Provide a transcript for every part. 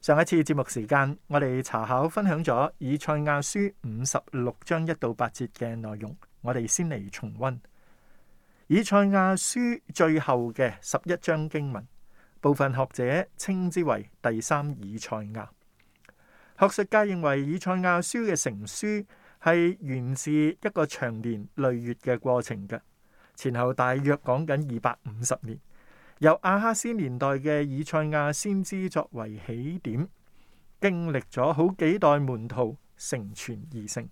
上一次節目時間，我哋查考分享咗以賽亞書五十六章一到八節嘅內容，我哋先嚟重溫以賽亞書最後嘅十一章經文，部分學者稱之為第三以賽亞。學術界認為以賽亞書嘅成書係源自一個長年累月嘅過程嘅，前後大約講緊二百五十年。由亞哈斯年代嘅以賽亞先知作為起點，經歷咗好幾代門徒成全而成。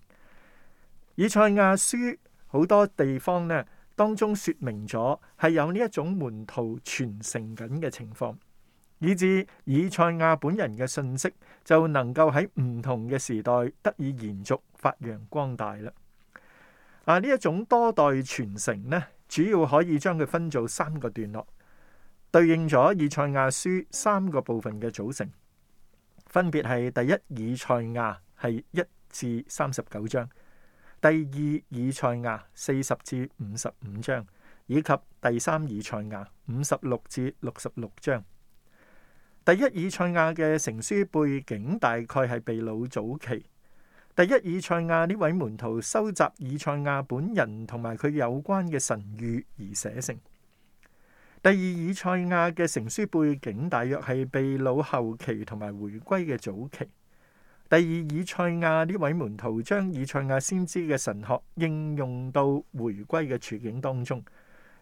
以賽亞書好多地方呢，當中說明咗係有呢一種門徒傳承緊嘅情況，以致以賽亞本人嘅信息就能夠喺唔同嘅時代得以延續發揚光大啦。啊，呢一種多代傳承呢，主要可以將佢分做三個段落。對應咗以賽亞書三個部分嘅組成，分別係第一以賽亞係一至三十九章，第二以賽亞四十至五十五章，以及第三以賽亞五十六至六十六章。第一以賽亞嘅成書背景大概係被擄早期，第一以賽亞呢位門徒收集以賽亞本人同埋佢有關嘅神諭而寫成。第二以賽亞嘅成書背景大約係被擄後期同埋回歸嘅早期。第二以賽亞呢位門徒將以賽亞先知嘅神學應用到回歸嘅處境當中，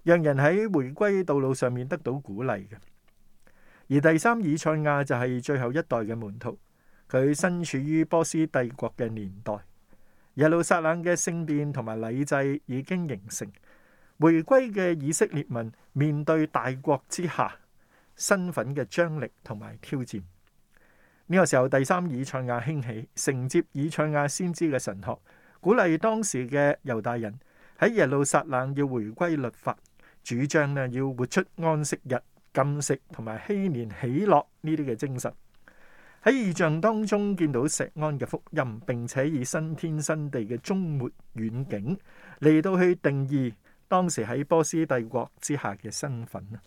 讓人喺回歸道路上面得到鼓勵嘅。而第三以賽亞就係最後一代嘅門徒，佢身處於波斯帝國嘅年代，耶路撒冷嘅聖殿同埋禮制已經形成。回歸嘅以色列民面對大國之下身份嘅張力同埋挑戰，呢個時候，第三以賽亞興起，承接以賽亞先知嘅神學，鼓勵當時嘅猶大人喺耶路撒冷要回歸律法，主張呢要活出安息日、禁食同埋禧年喜樂呢啲嘅精神。喺異象當中見到錫安嘅福音，並且以新天新地嘅終末遠景嚟到去定義。當時喺波斯帝國之下嘅身份啊，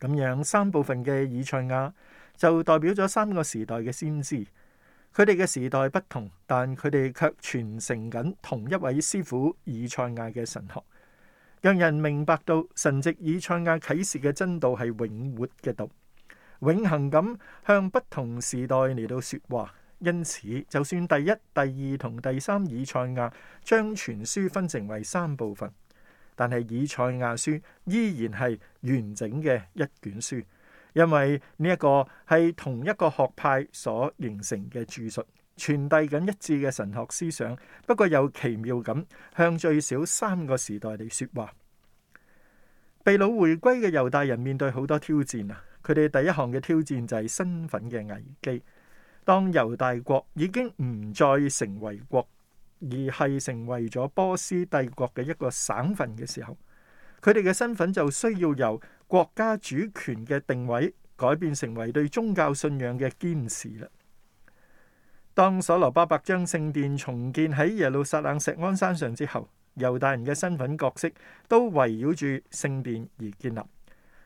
咁樣三部分嘅以賽亞就代表咗三個時代嘅先知，佢哋嘅時代不同，但佢哋卻傳承緊同一位師傅以賽亞嘅神學，讓人明白到神藉以賽亞啟示嘅真道係永活嘅道，永恒咁向不同時代嚟到說話。因此，就算第一、第二同第三以賽亞將全書分成為三部分。但係以賽亞書依然係完整嘅一卷書，因為呢一個係同一個學派所形成嘅著述，傳遞緊一致嘅神學思想。不過又奇妙咁向最少三個時代嚟說話。被擄回歸嘅猶大人面對好多挑戰啊！佢哋第一項嘅挑戰就係身份嘅危機，當猶大國已經唔再成為國。而係成為咗波斯帝國嘅一個省份嘅時候，佢哋嘅身份就需要由國家主權嘅定位改變成為對宗教信仰嘅堅持啦。當所羅巴伯將聖殿重建喺耶路撒冷錫安山上之後，猶大人嘅身份角色都圍繞住聖殿而建立。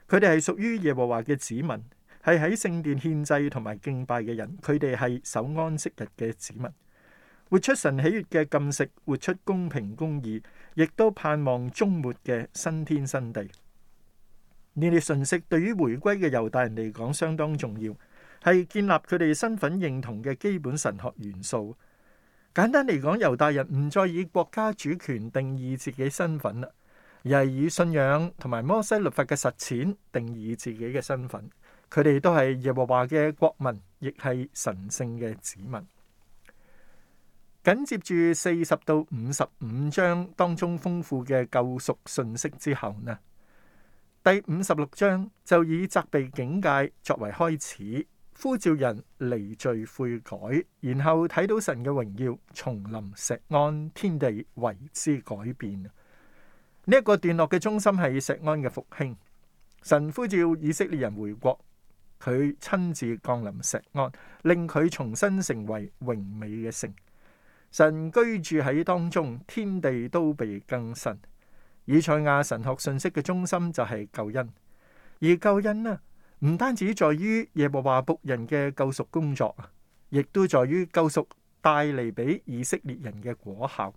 佢哋係屬於耶和華嘅子民，係喺聖殿獻祭同埋敬拜嘅人。佢哋係守安息日嘅子民。活出神喜悅嘅禁食，活出公平公義，亦都盼望終末嘅新天新地。呢啲信息，對於回歸嘅猶大人嚟講相當重要，係建立佢哋身份認同嘅基本神學元素。簡單嚟講，猶大人唔再以國家主權定義自己身份啦，而係以信仰同埋摩西律法嘅實踐定義自己嘅身份。佢哋都係耶和華嘅國民，亦係神聖嘅子民。緊接住四十到五十五章當中豐富嘅救贖信息之後呢，第五十六章就以責備警戒作為開始，呼召人離罪悔改，然後睇到神嘅榮耀重臨石安天地為之改變。呢一個段落嘅中心係石安嘅復興，神呼召以色列人回國，佢親自降臨石安，令佢重新成為榮美嘅城。神居住喺當中，天地都被更新。以賽亞神學信息嘅中心就係救恩，而救恩呢，唔單止在於耶和華僕人嘅救贖工作，亦都在於救贖帶嚟俾以色列人嘅果效。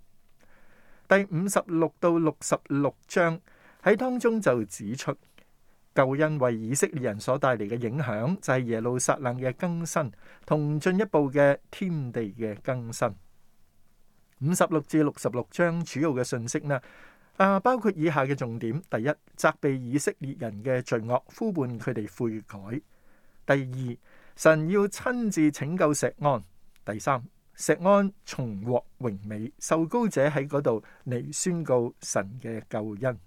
第五十六到六十六章喺當中就指出，救恩為以色列人所帶嚟嘅影響就係耶路撒冷嘅更新同進一步嘅天地嘅更新。五十六至六十六章主要嘅信息呢？啊，包括以下嘅重點：第一，責備以色列人嘅罪惡，呼喚佢哋悔改；第二，神要親自拯救錫安；第三，錫安重獲榮美，受膏者喺嗰度嚟宣告神嘅救恩。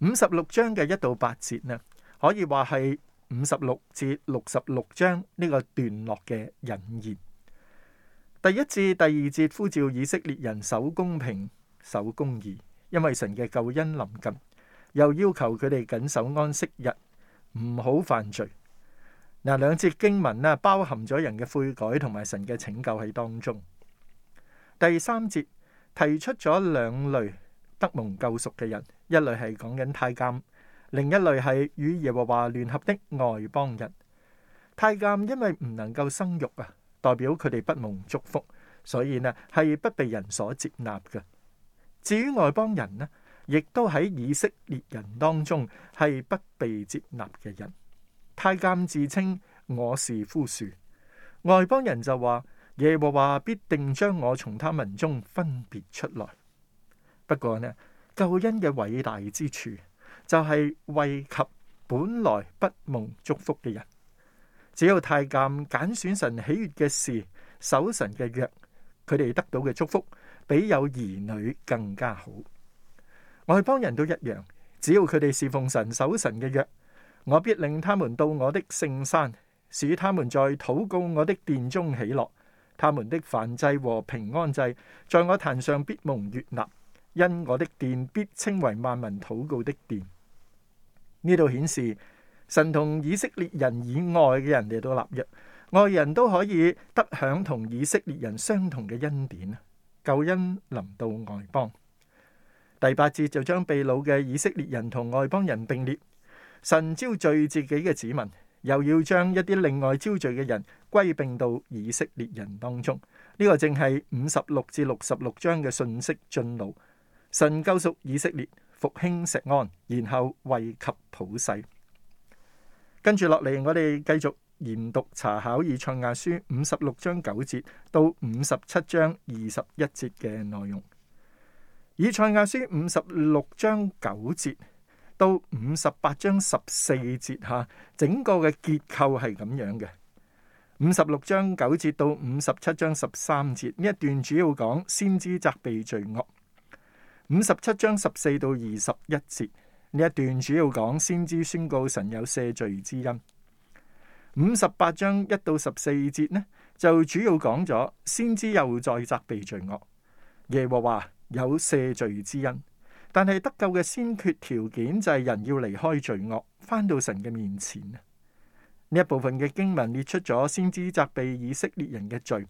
五十六章嘅一到八節呢，可以話係五十六至六十六章呢個段落嘅引言。第一至第二節呼召以色列人守公平、守公義，因為神嘅救恩臨近，又要求佢哋謹守安息日，唔好犯罪。嗱，兩節經文啦，包含咗人嘅悔改同埋神嘅拯救喺當中。第三節提出咗兩類得蒙救贖嘅人，一類係講緊太監，另一類係與耶和華聯合的外邦人。太監因為唔能夠生育啊。代表佢哋不蒙祝福，所以呢係不被人所接納嘅。至於外邦人呢，亦都喺以色列人當中係不被接納嘅人。太監自稱我是枯樹，外邦人就話耶和華必定將我從他民中分別出來。不過呢，救恩嘅偉大之處就係惠及本來不蒙祝福嘅人。只有太監揀選神喜悅嘅事，守神嘅約，佢哋得到嘅祝福比有兒女更加好。我去幫人都一樣，只要佢哋侍奉神、守神嘅約，我必領他們到我的聖山，使他們在禱告我的殿中喜樂。他們的燔祭和平安祭，在我壇上必蒙悅納，因我的殿必稱為萬民禱告的殿。呢度顯示。神同以色列人以外嘅人嚟到立約，外人都可以得享同以色列人相同嘅恩典啊！救恩臨到外邦。第八節就將被擄嘅以色列人同外邦人並列。神招聚自己嘅子民，又要將一啲另外招聚嘅人歸併到以色列人當中。呢、這個正係五十六至六十六章嘅信息進路。神救贖以色列，復興錫安，然後惠及普世。跟住落嚟，我哋繼續研讀查考以賽亞書五十六章九節到五十七章二十一節嘅內容。以賽亞書五十六章九節到五十八章十四節，哈，整個嘅結構係咁樣嘅。五十六章九節到五十七章十三節呢一段主要講先知責備罪惡。五十七章十四到二十一節。呢一段主要講先知宣告神有赦罪之恩。五十八章一到十四節呢，就主要講咗先知又再責備罪惡。耶和華有赦罪之恩，但係得救嘅先決條件就係人要離開罪惡，返到神嘅面前。呢一部分嘅經文列出咗先知責備以色列人嘅罪，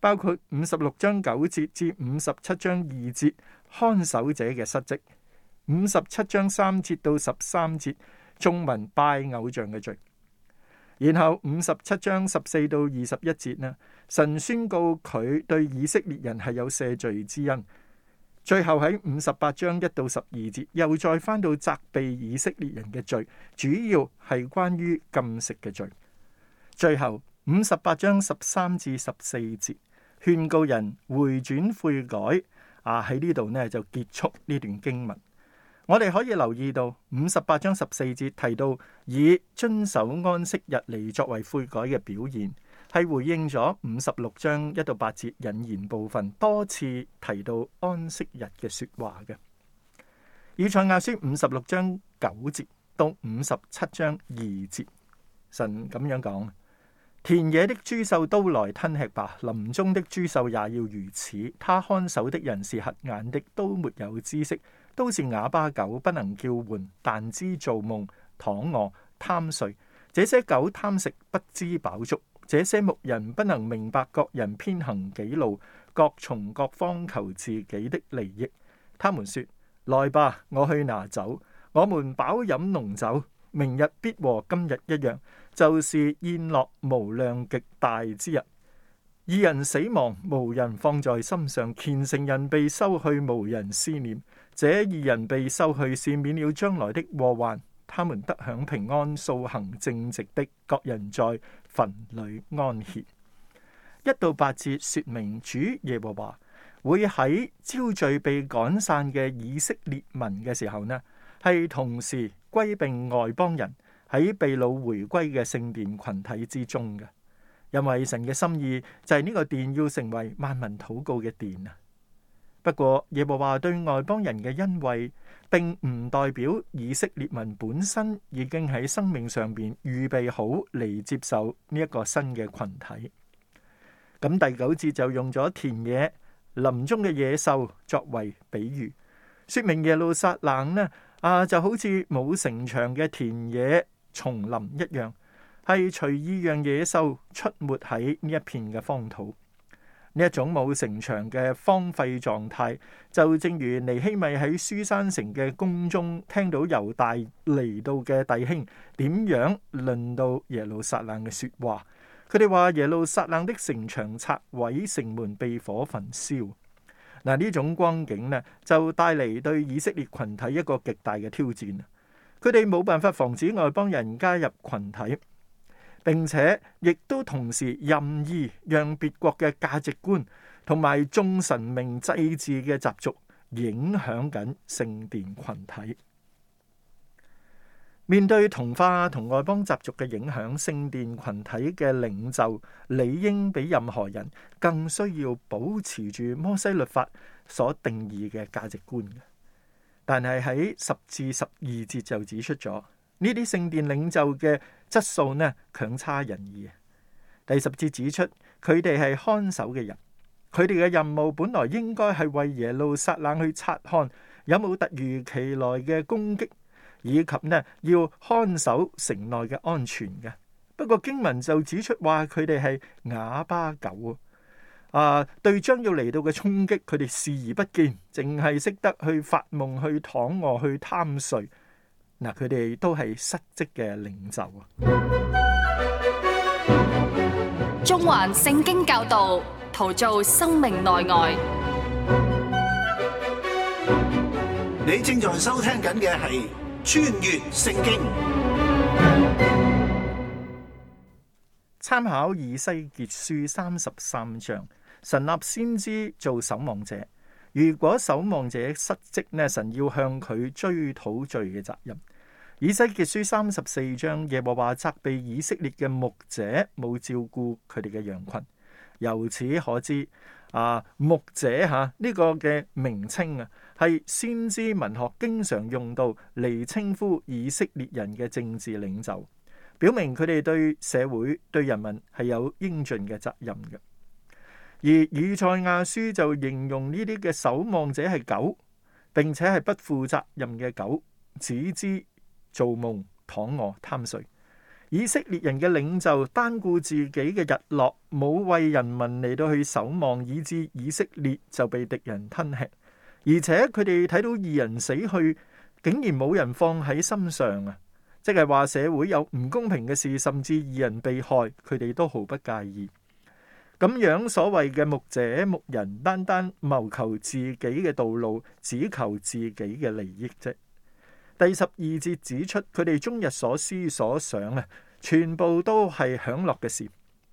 包括五十六章九節至五十七章二節，看守者嘅失職。五十七章三節到十三節，眾民拜偶像嘅罪。然後五十七章十四到二十一節啦，神宣告佢對以色列人係有赦罪之恩。最後喺五十八章一到十二節，又再返到責備以色列人嘅罪，主要係關於禁食嘅罪。最後五十八章十三至十四節，勸告人回轉悔改。啊，喺呢度呢就結束呢段經文。我哋可以留意到五十八章十四節提到以遵守安息日嚟作為悔改嘅表現，係回應咗五十六章一到八節引言部分多次提到安息日嘅說話嘅。以賽亞書五十六章九節到五十七章二節，神咁樣講。田野的豬獸都來吞吃吧，林中的豬獸也要如此。他看守的人是瞎眼的，都沒有知識，都是啞巴狗，不能叫喚，但知做夢、躺卧、貪睡。這些狗貪食，不知飽足；這些牧人不能明白各人偏行己路，各從各方求自己的利益。他們說：來吧，我去拿酒，我們飽飲濃酒，明日必和今日一樣。就是宴樂無量極大之日，二人死亡無人放在心上，虔誠人被收去無人思念，這二人被收去是免了將來的禍患，他們得享平安，素行正直的各人在墳裏安歇。一到八節說明主耶和華會喺招聚被趕散嘅以色列民嘅時候呢，係同時歸併外邦人。喺被擄回歸嘅聖殿群體之中嘅，因為神嘅心意就係呢個殿要成為萬民禱告嘅殿啊。不過耶和華對外邦人嘅恩惠，並唔代表以色列民本身已經喺生命上邊預備好嚟接受呢一個新嘅群體。咁第九節就用咗田野林中嘅野獸作為比喻，說明耶路撒冷呢啊就好似冇城牆嘅田野，叢林一樣，係隨意讓野獸出沒喺呢一片嘅荒土。呢一種冇城牆嘅荒廢狀態，就正如尼希米喺書珊城嘅宮中聽到猶大嚟到嘅弟兄點樣論到耶路撒冷嘅說話。佢哋話，耶路撒冷的城牆拆毀，城門被火焚燒。嗱，呢種光景呢，就帶嚟對以色列群體一個極大嘅挑戰。佢哋冇辦法防止外邦人加入群體，並且亦都同時任意讓別國嘅價值觀同埋眾神明祭祀嘅習俗影響緊聖殿群體。面對同化同外邦習俗嘅影響，聖殿群體嘅領袖理應比任何人更需要保持住摩西律法所定義嘅價值觀。但係喺十至十二節就指出咗呢啲聖殿領袖嘅質素呢，強差人意。第十節指出佢哋係看守嘅人，佢哋嘅任務本來應該係為耶路撒冷去察看有冇突如其來嘅攻擊，以及呢，要看守城內嘅安全嘅。不過經文就指出話佢哋係啞巴狗。啊、呃！對將要嚟到嘅衝擊，佢哋視而不見，淨係識得去發夢、去躺臥、去貪睡。嗱、呃，佢哋都係失職嘅領袖啊！中環聖經教導，陶造生命內外。你正在收聽緊嘅係《穿越聖經》，參考以西結書三十三章。神立先知做守望者，如果守望者失職呢，神要向佢追討罪嘅責任。以西結書三十四章，耶和華責備以色列嘅牧者冇照顧佢哋嘅羊群，由此可知啊，牧者吓呢個嘅名稱啊，係先知文學經常用到嚟稱呼以色列人嘅政治領袖，表明佢哋對社會、對人民係有應盡嘅責任嘅。而以賽亞書就形容呢啲嘅守望者係狗，並且係不負責任嘅狗，只知做夢、躺卧、貪睡。以色列人嘅領袖單顧自己嘅逸樂，冇為人民嚟到去守望，以致以色列就被敵人吞吃。而且佢哋睇到義人死去，竟然冇人放喺心上啊！即係話社會有唔公平嘅事，甚至義人被害，佢哋都毫不介意。咁樣，所謂嘅牧者牧人，單單謀求自己嘅道路，只求自己嘅利益啫。第十二節指出，佢哋終日所思所想啊，全部都係享樂嘅事。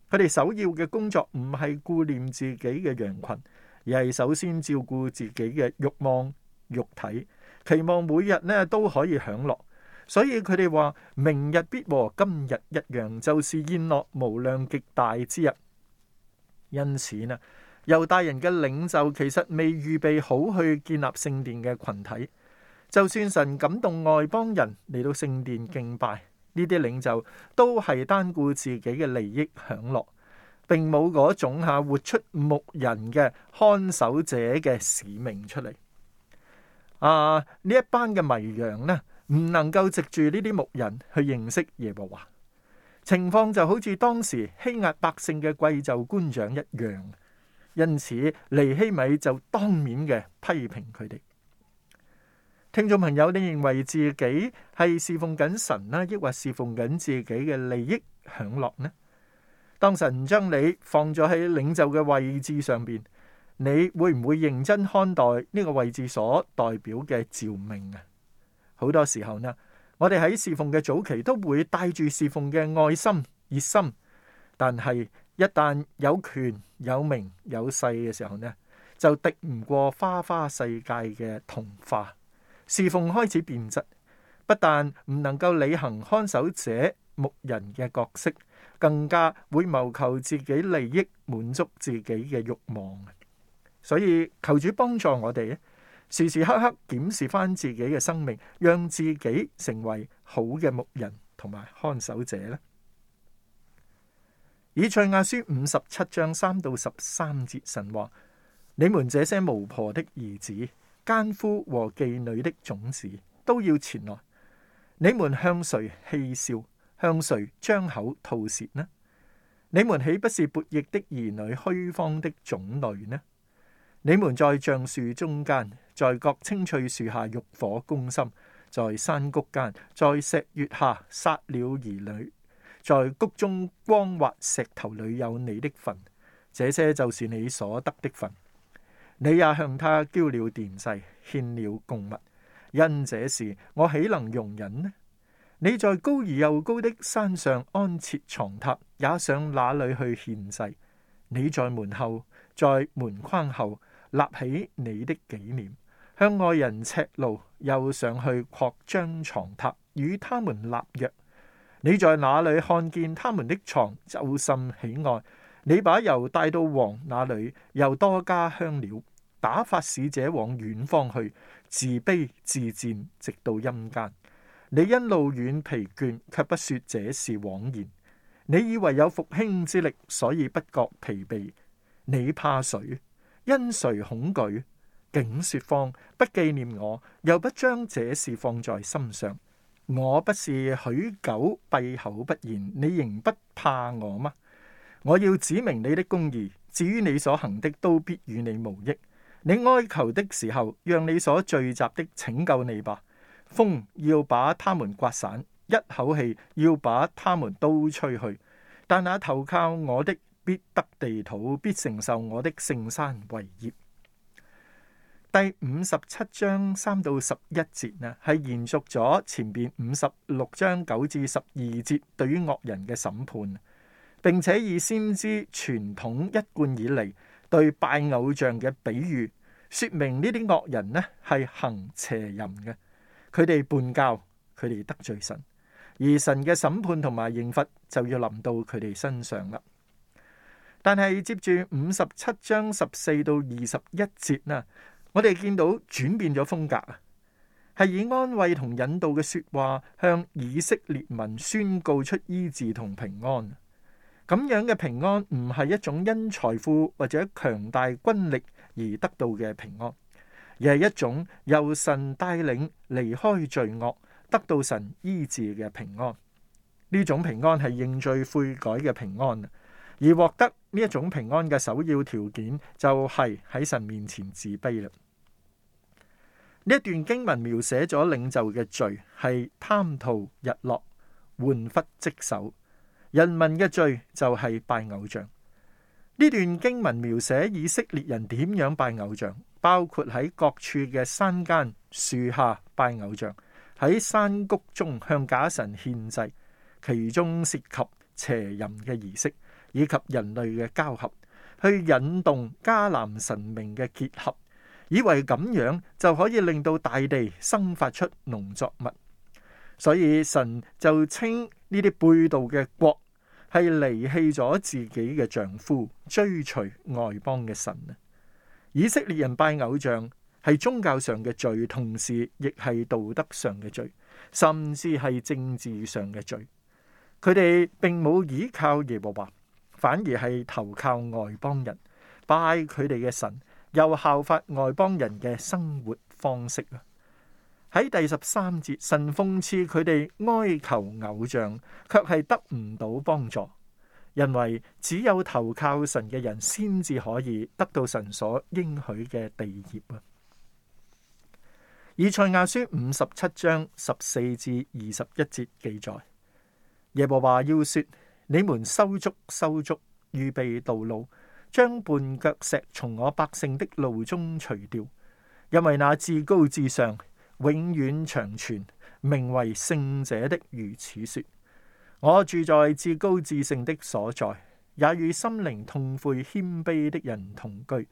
佢哋首要嘅工作唔係顧念自己嘅羊群，而係首先照顧自己嘅欲望、肉體，期望每日咧都可以享樂。所以佢哋話：明日必和今日一樣，就是宴樂無量極大之日。因此呢，猶大人嘅領袖其實未預備好去建立聖殿嘅群體。就算神感動外邦人嚟到聖殿敬拜，呢啲領袖都係單顧自己嘅利益享樂，並冇嗰種吓活出牧人嘅看守者嘅使命出嚟。啊，呢一班嘅迷羊呢，唔能夠藉住呢啲牧人去認識耶和華。情況就好似當時欺壓百姓嘅貴族官長一樣，因此尼希米就當面嘅批評佢哋。聽眾朋友，你認為自己係侍奉緊神啦，亦或侍奉緊自己嘅利益享樂呢？當神將你放咗喺領袖嘅位置上邊，你會唔會認真看待呢個位置所代表嘅召命啊？好多時候呢，我哋喺侍奉嘅早期都會帶住侍奉嘅愛心、熱心，但係一旦有權、有名、有勢嘅時候呢，就敵唔過花花世界嘅同化，侍奉開始變質，不但唔能夠履行看守者、牧人嘅角色，更加會謀求自己利益、滿足自己嘅慾望。所以求主幫助我哋。時時刻刻檢視翻自己嘅生命，讓自己成為好嘅牧人同埋看守者呢。以賽亞書五十七章三到十三節神話：你們這些巫婆的兒子、奸夫和妓女的種子都要前來。你們向誰戲笑？向誰張口吐舌呢？你們豈不是悖逆的兒女、虛謊的種類呢？你們在橡樹中間。在各青翠樹下欲火攻心，在山谷間，在石月下殺了兒女，在谷中光滑石頭裏有你的分，這些就是你所得的分。你也向他澆了奠祭，獻了供物，因這事我豈能容忍呢？你在高而又高的山上安設床榻，也上哪裏去獻祭？你在門後，在門框後立起你的紀念。向外人赤露，又上去擴張床榻，與他們立約。你在哪裏看見他們的床，就甚喜愛？你把油帶到王那裏，又多加香料，打發使者往遠方去，自卑自賤，直到陰間。你因路遠疲倦，却不說這是枉然。你以為有復興之力，所以不覺疲憊。你怕誰？因誰恐懼？竟說謊，不紀念我，又不將這事放在心上。我不是許久閉口不言，你仍不怕我嗎？我要指明你的公義，至於你所行的，都必與你無益。你哀求的時候，讓你所聚集的拯救你吧。風要把他們颳散，一口氣要把他們都吹去。但那投靠我的，必得地土，必承受我的聖山為業。第五十七章三到十一節呢，係延續咗前邊五十六章九至十二節對於惡人嘅審判，並且以先知傳統一貫以嚟，對拜偶像嘅比喻，說明呢啲惡人呢係行邪淫嘅，佢哋叛教，佢哋得罪神，而神嘅審判同埋刑罰就要臨到佢哋身上啦。但係接住五十七章十四到二十一節呢，我哋見到轉變咗風格啊，係以安慰同引導嘅說話向以色列民宣告出醫治同平安。咁樣嘅平安唔係一種因財富或者強大軍力而得到嘅平安，而係一種由神帶領離開罪惡，得到神醫治嘅平安。呢種平安係認罪悔改嘅平安。而獲得呢一種平安嘅首要條件，就係喺神面前自卑啦。呢一段經文描寫咗領袖嘅罪係貪圖逸樂，玩忽職守；人民嘅罪就係拜偶像。呢段經文描寫以色列人點樣拜偶像，包括喺各處嘅山間樹下拜偶像，喺山谷中向假神獻祭，其中涉及邪淫嘅儀式。以及人類嘅交合，去引動迦南神明嘅結合，以為咁樣就可以令到大地生發出農作物。所以神就稱呢啲背道嘅國係離棄咗自己嘅丈夫，追隨外邦嘅神啊。以色列人拜偶像係宗教上嘅罪，同時亦係道德上嘅罪，甚至係政治上嘅罪。佢哋並冇倚靠耶和華。反而係投靠外邦人，拜佢哋嘅神，又效法外邦人嘅生活方式啦。喺第十三節，神諷刺佢哋哀求偶像，卻係得唔到幫助，因為只有投靠神嘅人先至可以得到神所應許嘅地業啊。以賽亞書五十七章十四至二十一節記載，耶和華要說。你們修築，修築，預備道路，將絆腳石從我百姓的路中除掉，因為那至高至上、永遠長存、名為聖者的如此說：我住在至高至聖的所在，也與心靈痛悔謙卑的人同居，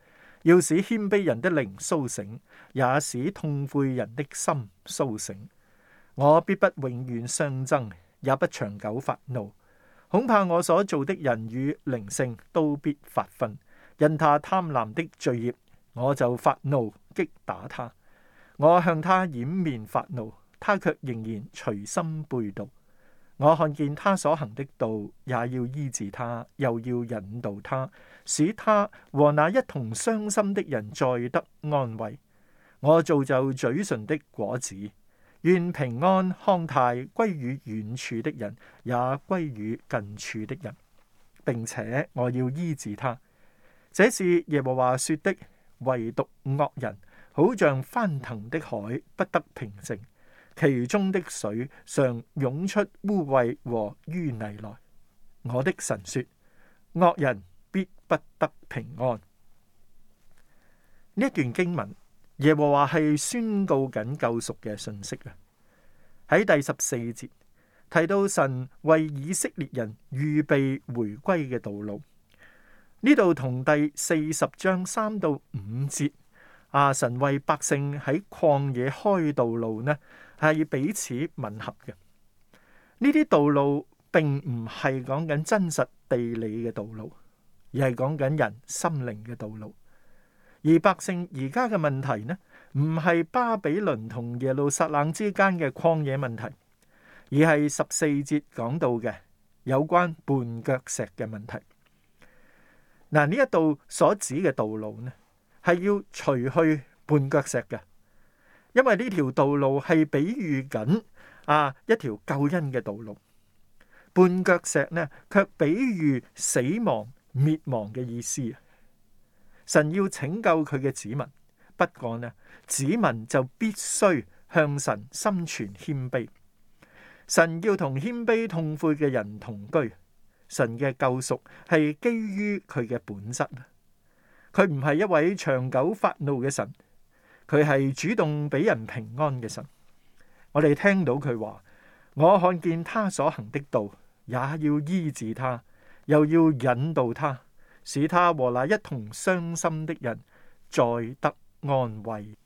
要使謙卑人的靈甦醒，也使痛悔人的心甦醒。我必不永遠相爭，也不長久發怒。恐怕我所做的人與靈性都必發憤，因他貪婪的罪孽，我就發怒擊打他。我向他掩面發怒，他却仍然隨心背道。我看見他所行的道，也要醫治他，又要引導他，使他和那一同傷心的人再得安慰。我造就嘴唇的果子。願平安康泰歸於遠處的人，也歸於近處的人，並且我要醫治他。這是耶和華說的。唯獨惡人，好像翻騰的海，不得平靜，其中的水上湧出污穢和淤泥來。我的神說，惡人必不得平安。呢段經文。耶和華係宣告緊救贖嘅信息啦，喺第十四節提到神為以色列人預備回歸嘅道路。呢度同第四十章三到五節，啊神為百姓喺曠野開道路呢，係彼此吻合嘅。呢啲道路並唔係講緊真實地理嘅道路，而係講緊人心靈嘅道路。而百姓而家嘅問題呢，唔係巴比倫同耶路撒冷之間嘅曠野問題，而係十四節講到嘅有關絆腳石嘅問題。嗱，呢一度所指嘅道路呢，係要除去絆腳石嘅，因為呢條道路係比喻緊啊一條救恩嘅道路，絆腳石呢卻比喻死亡滅亡嘅意思。神要拯救佢嘅子民，不過呢，子民就必須向神心存謙卑。神要同謙卑痛悔嘅人同居。神嘅救贖係基於佢嘅本質。佢唔係一位長久發怒嘅神，佢係主動俾人平安嘅神。我哋聽到佢話：我看見他所行的道，也要醫治他，又要引導他。使他和那一同傷心的人再得安慰。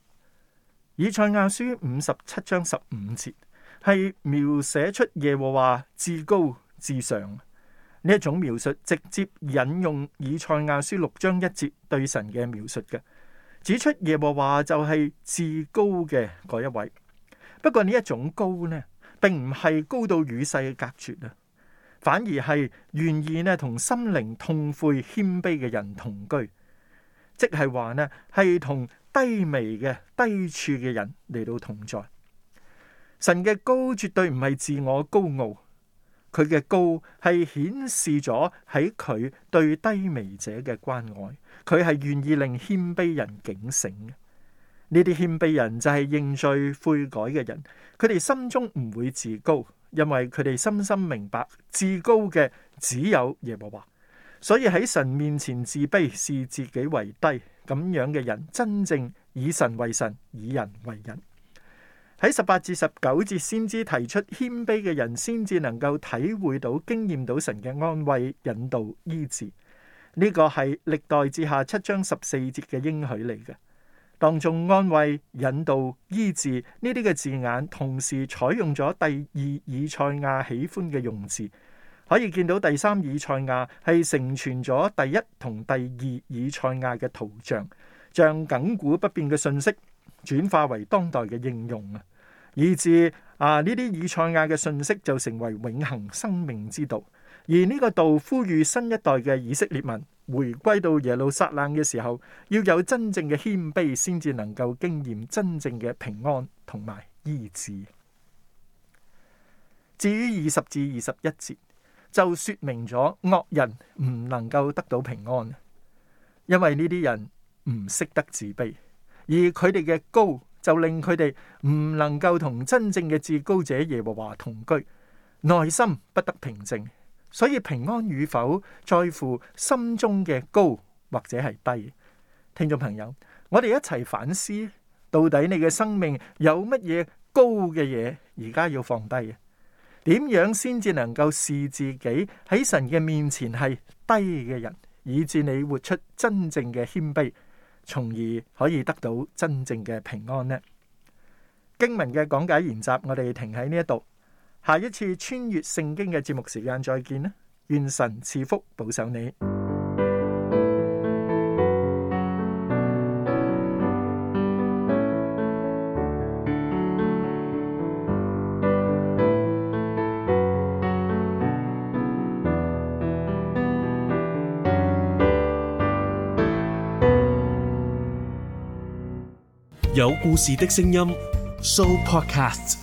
以賽亞書五十七章十五節係描寫出耶和華至高至上，呢一種描述直接引用以賽亞書六章一節對神嘅描述嘅，指出耶和華就係至高嘅嗰一位。不過呢一種高呢，並唔係高到與世隔絕啊。反而係願意咧同心靈痛悔、謙卑嘅人同居，即係話咧係同低微嘅低處嘅人嚟到同在。神嘅高絕對唔係自我高傲，佢嘅高係顯示咗喺佢對低微者嘅關愛。佢係願意令謙卑人警醒嘅。呢啲謙卑人就係認罪悔改嘅人，佢哋心中唔會自高，因為佢哋深深明白至高嘅只有耶和華，所以喺神面前自卑，視自己為低咁樣嘅人，真正以神為神，以人為人。喺十八至十九節先知提出謙卑嘅人，先至能夠體會到、經驗到神嘅安慰、引導、醫治。呢、這個係歷代志下七章十四節嘅應許嚟嘅。當中安慰、引導、醫治呢啲嘅字眼，同時採用咗第二以賽亞喜歡嘅用字，可以見到第三以賽亞係承傳咗第一同第二以賽亞嘅圖像，將亙古不變嘅信息轉化為當代嘅應用至啊，以致啊呢啲以賽亞嘅信息就成為永恆生命之道，而呢個道呼籲新一代嘅以色列民。回歸到耶路撒冷嘅時候，要有真正嘅謙卑，先至能夠經驗真正嘅平安同埋醫治。至於二十至二十一節，就說明咗惡人唔能夠得到平安，因為呢啲人唔識得自卑，而佢哋嘅高就令佢哋唔能夠同真正嘅至高者耶和華同居，內心不得平靜。所以平安與否在乎心中嘅高或者係低，聽眾朋友，我哋一齊反思，到底你嘅生命有乜嘢高嘅嘢，而家要放低嘅，點樣先至能夠視自己喺神嘅面前係低嘅人，以致你活出真正嘅謙卑，從而可以得到真正嘅平安呢？經文嘅講解研習，我哋停喺呢一度。下一次穿越聖經嘅節目時間再見啦！願神賜福保守你。有故事的聲音，Sooo Podcast。